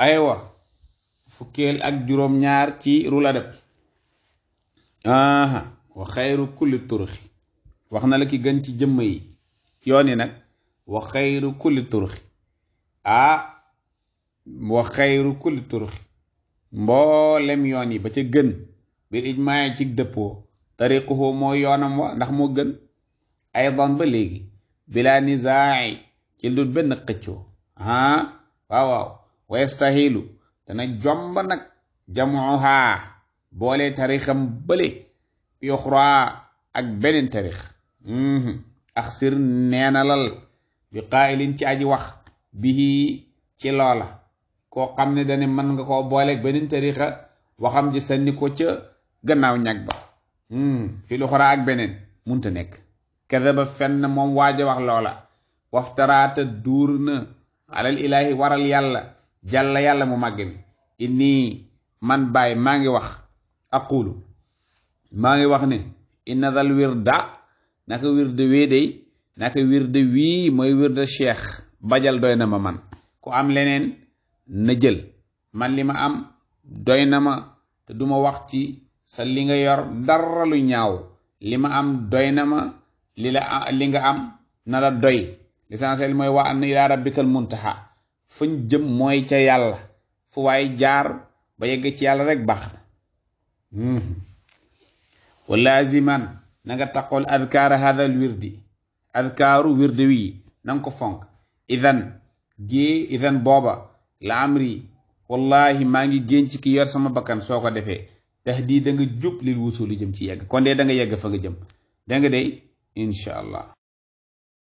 aywa fukkeel ak juróom ñaar ci ruladab aha wa xayru kulli turuxi wax na la ki gën ci jëmm yi yoon yi nag wa xayru kulli turuxi ah wa xayru kulli turuxi mboolem yoon yi ba ca gën biir ijmaa ci dëppoo tariquhu mooy yoonam wa ndax moo gën aydan ba léegi bilaa nizaayi ci lu benn xëccoo ah waaw waaw wayastahilu dana jomb nag jamuhaa boole tarixam bële bi uxraa ak beneen tarix axsir neenalal bi qaa'ilin ci aji wax bihi ci loola koo xam ne dane mën nga koo boole beneen tarixa waxam ji sànni ko ca gannaaw ñag ba fi luxuraa ak beneen munta nekk kadaba fenn moom waaja wax loola waftarata duur na alal ilaahi waral yàlla jàlla yàlla mu màgg bi inni man bàyyi maa ngi wax ak aqulu maa ngi wax ne inna dal wirda naka wirda wee day naka wirda wii mooy wirda cheikh bajal doy na ma man ku am leneen na jël man li ma am doy na ma te duma wax ci sa li nga yor dara lu ñaaw li ma am doy na ma li la li nga am na la doy l'essentiel mooy waa an ilaa rabbikal muntaha fañ jëm mooy ca yàlla fu waay jaar ba yegg ci yàlla rekk baax na hmm. walaaziman na nga taqool adkaara hadal wirdi adkaaru wirde wi na ko fonk idan gée idan booba la amri wallahi maa ngi génn ci ki yor sama bakkan soo ko defee tahdi da nga jub lil lu jëm ci yegg kon de da nga yegg fa nga jëm da dey incha allah